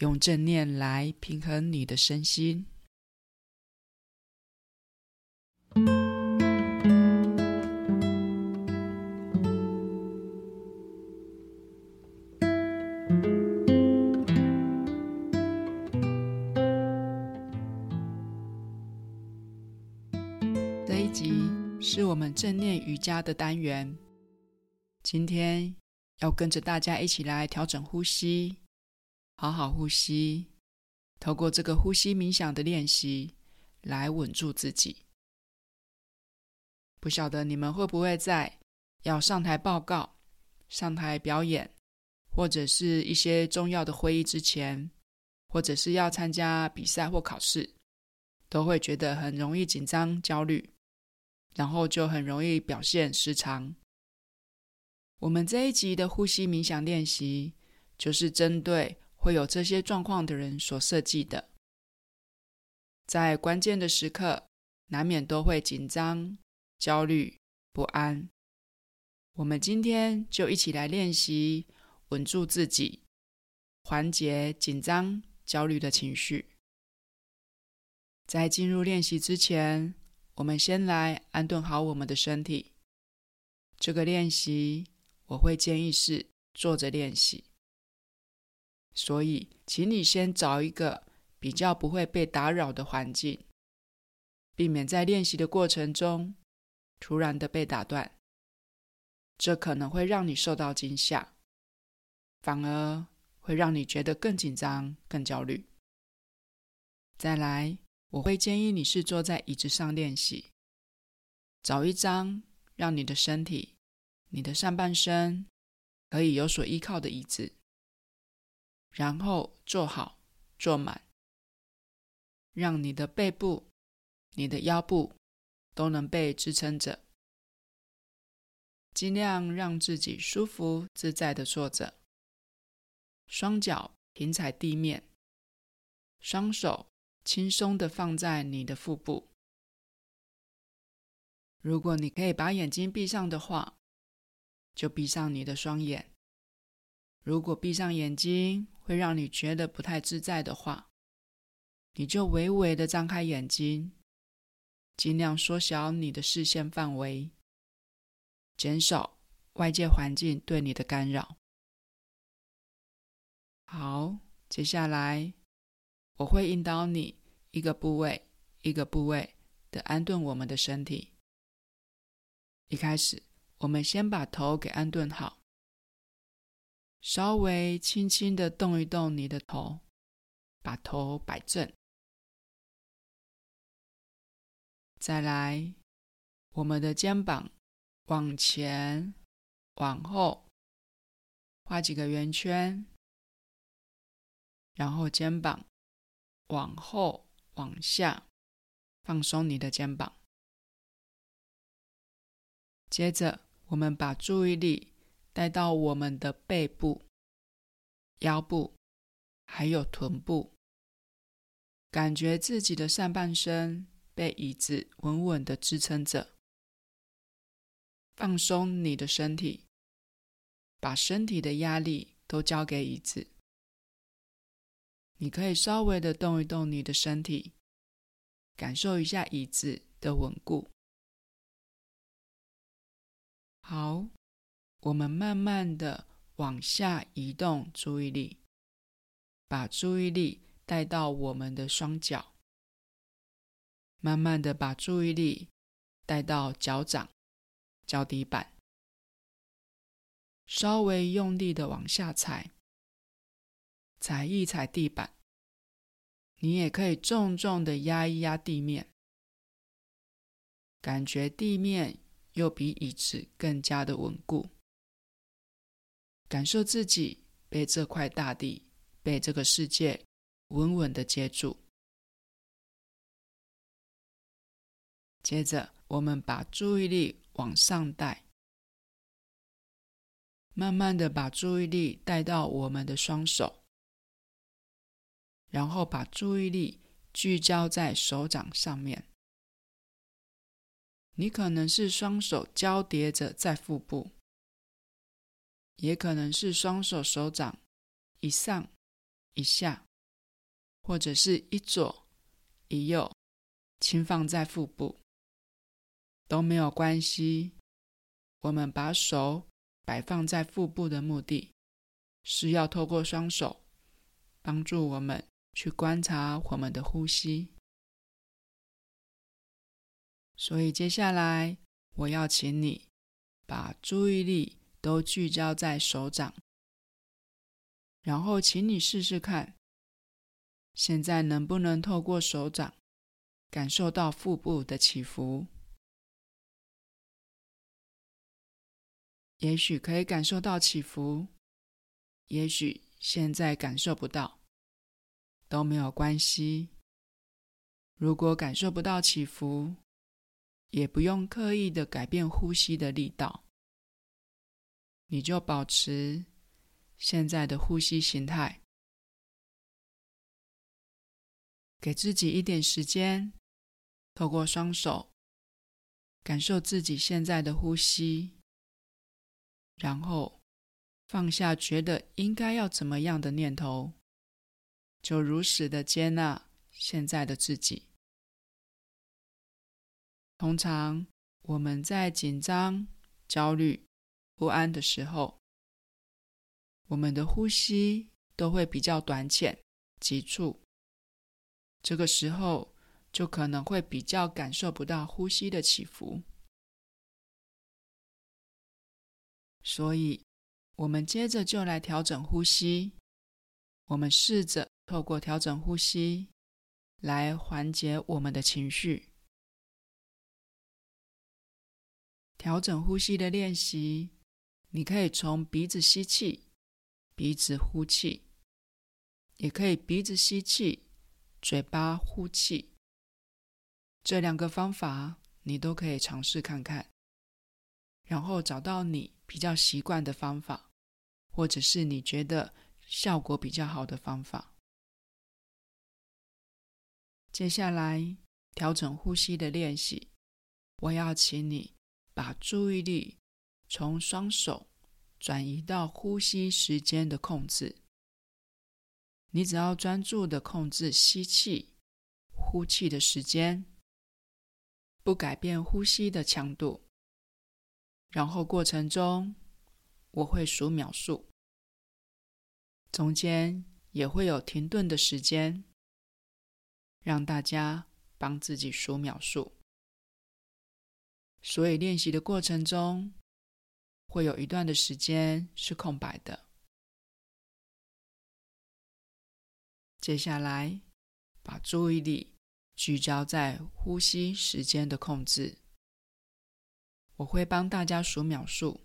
用正念來平衡你的身心。這一集是我們正念瑜伽的單元，今天要跟着大家一起來調整呼吸。好好呼吸，透過這個呼吸冥想的練習來穩住自己。不曉得你們會不會在要上台報告、上台表演，或者是一些重要的會議之前，或者是要參加比賽或考試，都會覺得很容易緊張焦慮，然後就很容易表現失常。我們這一集的呼吸冥想練習就是針對會有這些狀況的人所設計的，在關鍵的時刻，難免都會緊張、焦慮、不安。我們今天就一起來練習，穩住自己，緩解緊張、焦慮的情緒。在進入練習之前，我們先來安頓好我們的身體。這個練習，我會建議是坐着練習。所以，請你先找一個比較不會被打擾的環境，避免在練習的過程中突然的被打斷，這可能會讓你受到驚嚇，反而會讓你覺得更緊張、更焦慮。再來，我會建議你是坐在椅子上練習，找一張讓你的身體、你的上半身可以有所依靠的椅子。然後坐好，坐滿，讓你的背部、你的腰部都能被支撐着，盡量讓自己舒服自在的坐着。雙腳平踩地面，雙手輕鬆的放在你的腹部。如果你可以把眼睛閉上的話，就閉上你的雙眼。如果閉上眼睛，會讓你覺得不太自在的話，你就微微的張開眼睛，盡量縮小你的視線範圍，減少外界環境對你的干擾。好，接下來我會引導你一個部位一個部位的安頓我們的身體。一開始，我們先把頭給安頓好。稍微輕輕的動一動你的頭，把頭擺正。再來，我們的肩膀往前、往後畫幾個圓圈，然後肩膀往後、往下放鬆你的肩膀。接着，我們把注意力，帶到我們的背部、腰部，還有臀部，感覺自己的上半身被椅子穩穩地支撐着。放鬆你的身體，把身體的壓力都交給椅子。你可以稍微的動一動你的身體，感受一下椅子的穩固。好。我們慢慢的往下移動注意力，把注意力帶到我們的雙腳，慢慢的把注意力帶到腳掌、腳底板，稍微用力的往下踩，踩一踩地板，你也可以重重的壓一壓地面，感覺地面又比椅子更加的穩固。感受自己被這塊大地、被這個世界穩穩的接住。接着，我們把注意力往上帶，慢慢的把注意力帶到我們的雙手，然後把注意力聚焦在手掌上面。你可能是雙手交疊着在腹部。也可能是雙手手掌，一上一下，或者是一左一右，輕放在腹部，都沒有關係。我們把手擺放在腹部的目的，是要透過雙手幫助我們去觀察我們的呼吸。所以接下來，我要請你把注意力，都聚焦在手掌，然後請你試試看，現在能不能透過手掌感受到腹部的起伏？也許可以感受到起伏，也許現在感受不到，都沒有關係。如果感受不到起伏，也不用刻意的改變呼吸的力道。你就保持現在的呼吸形態，給自己一點時間，透過雙手感受自己現在的呼吸，然後放下覺得應該要怎麼樣的念頭，就如實的接納現在的自己。通常我們在緊張、焦慮、不安的時候，我們的呼吸都會比較短淺、急促。這個時候，就可能會比較感受不到呼吸的起伏。所以，我們接着就來調整呼吸。我們試着透過調整呼吸來緩解我們的情緒。調整呼吸的練習。你可以從鼻子吸氣，鼻子呼氣；也可以鼻子吸氣，嘴巴呼氣。這兩個方法你都可以嘗試看看，然後找到你比較習慣的方法，或者是你覺得效果比較好的方法。接下來調整呼吸的練習，我要請你把注意力。從雙手轉移到呼吸時間的控制，你只要專注的控制吸氣、呼氣的時間，不改變呼吸的強度。然後，過程中我會數秒數，中間也會有停頓的時間，讓大家幫自己數秒數。所以練習的過程中。會有一段的時間是空白的。接下來，把注意力聚焦在呼吸時間的控制。我會幫大家數秒數。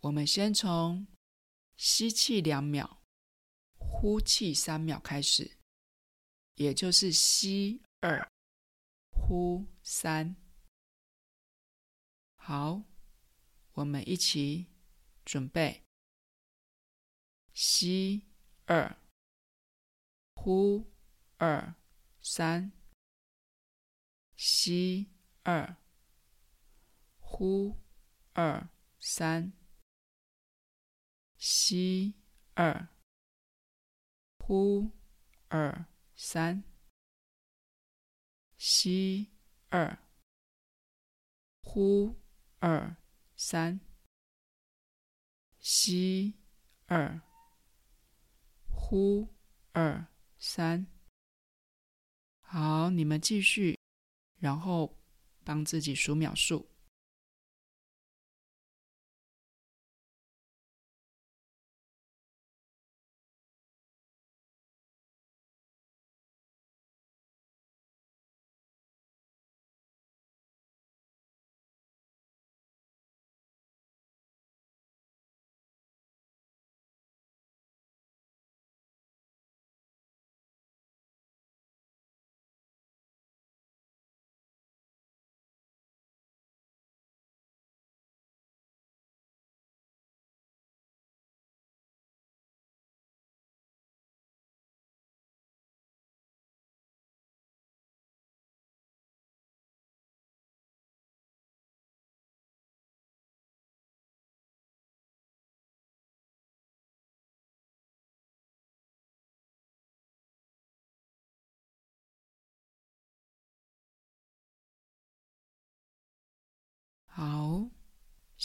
我們先從吸氣兩秒，呼氣三秒開始，也就是吸二，呼三。好。我們一起準備，吸二，呼二三，吸二，呼二三，吸二，呼二三，吸二，呼二。三，吸二，呼二，三。好，你們繼續，然後幫自己數秒數。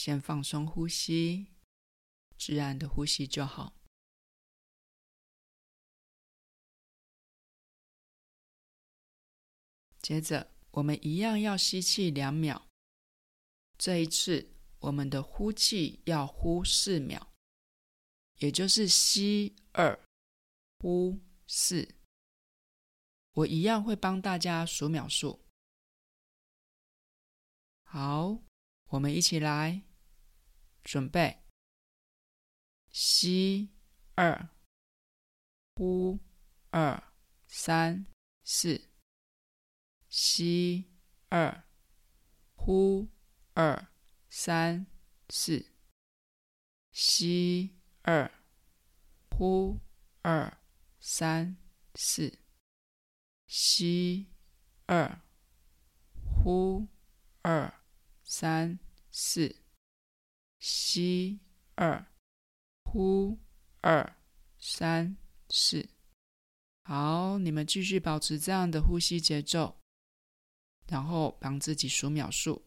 先放鬆呼吸，自然的呼吸就好。接着，我們一樣要吸氣兩秒，這一次我們的呼氣要呼四秒，也就是吸二呼四。我一樣會幫大家數秒數。好，我們一起來。準備，吸二，呼二三四，吸二，呼二三四，吸二，呼二三四，吸二，呼二三四。吸二，呼二，三四，好，你們繼續保持這樣的呼吸節奏，然後幫自己數秒數。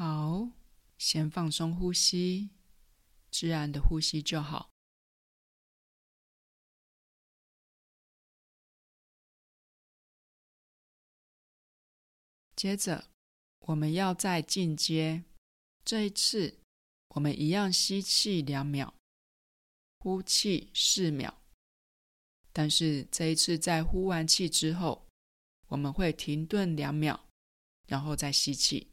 好，先放鬆呼吸，自然的呼吸就好。接着，我們要再進階。這一次，我們一樣吸氣兩秒，呼氣四秒。但是這一次在呼完氣之後，我們會停頓兩秒，然後再吸氣。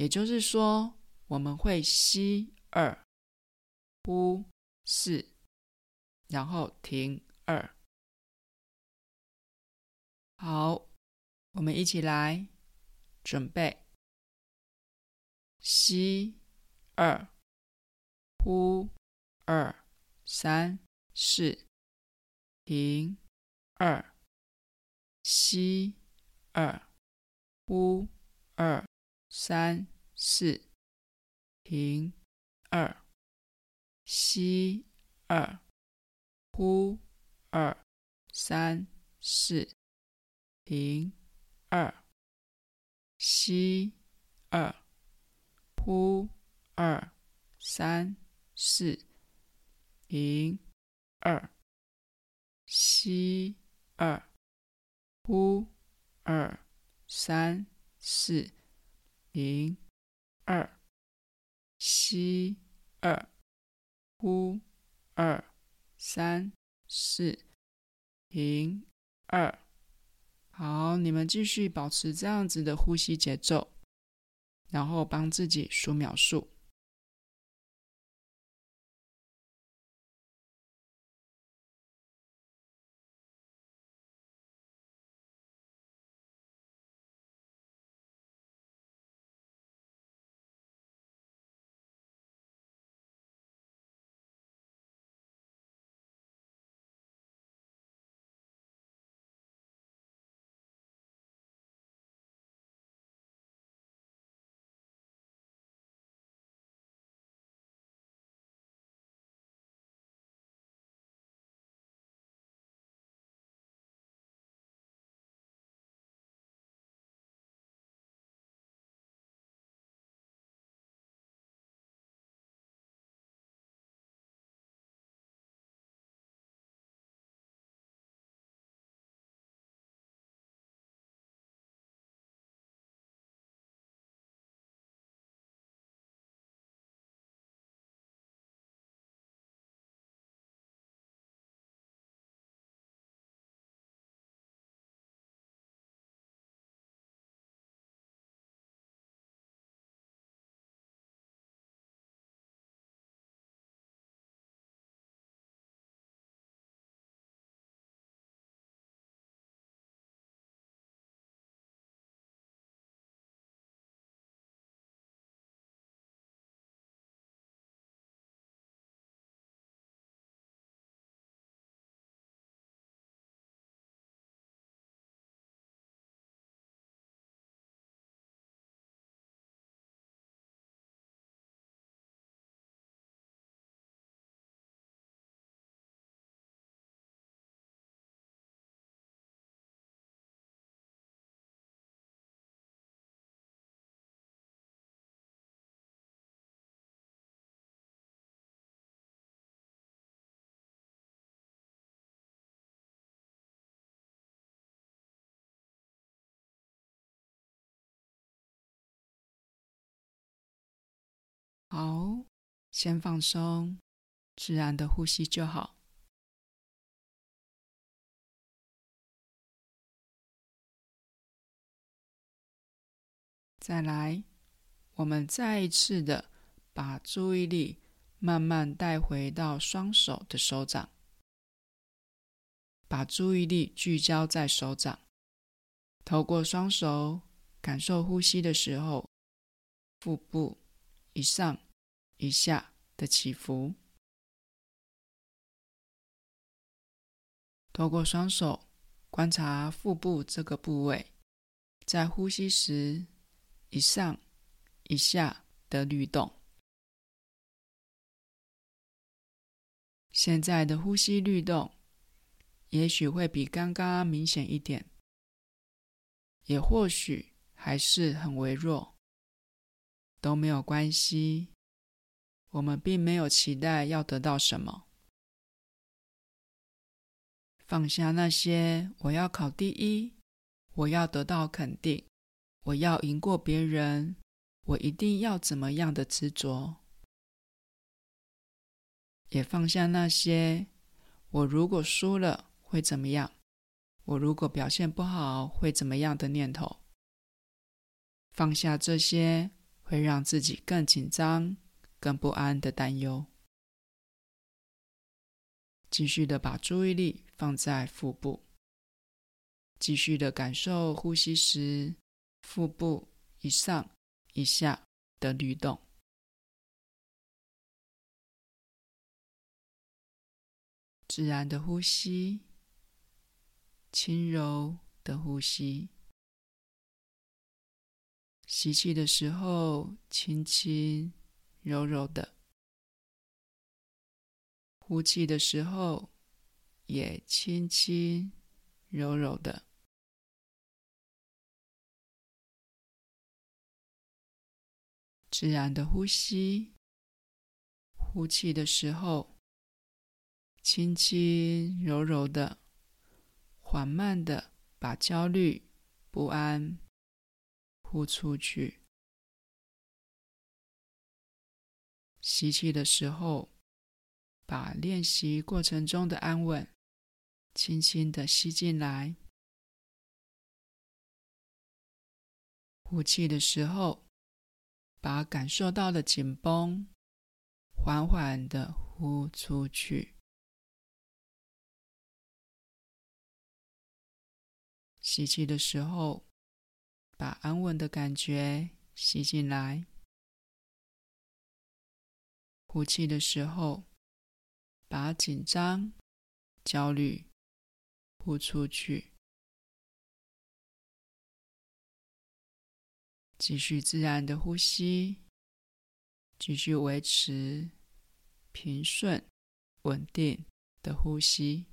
也就是說，我們會吸二，呼四，然後停二。好，我們一起來準備。吸二，呼二三四，停二，吸二，呼二。三四停，二吸二呼二三四停，二吸二呼二三四停，二吸二呼二三四。停二吸二呼二三四停二，好，你們繼續保持這樣子的呼吸節奏，然後幫自己數秒數。好，先放鬆，自然的呼吸就好。再來，我們再一次的把注意力慢慢帶回到雙手的手掌，把注意力聚焦在手掌，透過雙手感受呼吸的時候，腹部。以上、以下的起伏，透過雙手觀察腹部這個部位，在呼吸時以上、以下的律動。現在的呼吸律動，也許會比剛剛明顯一點，也或許還是很微弱。都沒有關係，我們並沒有期待要得到什麼。放下那些“我要考第一”“我要得到肯定”“我要贏過別人”“我一定要怎麼樣的執着”，也放下那些“我如果輸了會怎麼樣”“我如果表現不好會怎麼樣的念頭”。放下這些。會讓自己更緊張、更不安的擔憂。繼續的把注意力放在腹部，繼續的感受呼吸時腹部一上一下的律動。自然的呼吸，輕柔的呼吸。吸氣的時候，輕輕柔柔的；呼氣的時候，也輕輕柔柔的。自然的呼吸，呼氣的時候，輕輕柔柔的，緩慢的把焦慮、不安，呼出去，吸氣的時候，把練習過程中的安穩輕輕的吸進來；呼氣的時候，把感受到的緊繃緩緩的呼出去。吸氣的時候。把安穩的感覺吸進來，呼氣的時候，把緊張、焦慮呼出去，繼續自然的呼吸，繼續維持平順、穩定的呼吸。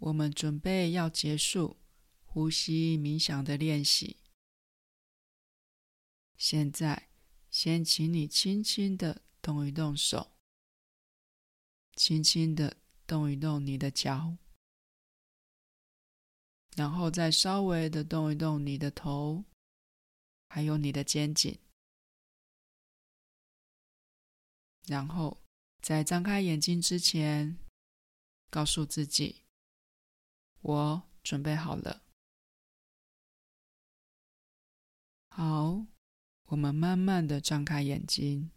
我們準備要結束呼吸冥想的練習。現在，先請你輕輕地動一動手，輕輕地動一動你的腳，然後再稍微的動一動你的頭，還有你的肩頸。然後，在張開眼睛之前，告訴自己。我準備好了。好，我們慢慢的張開眼睛。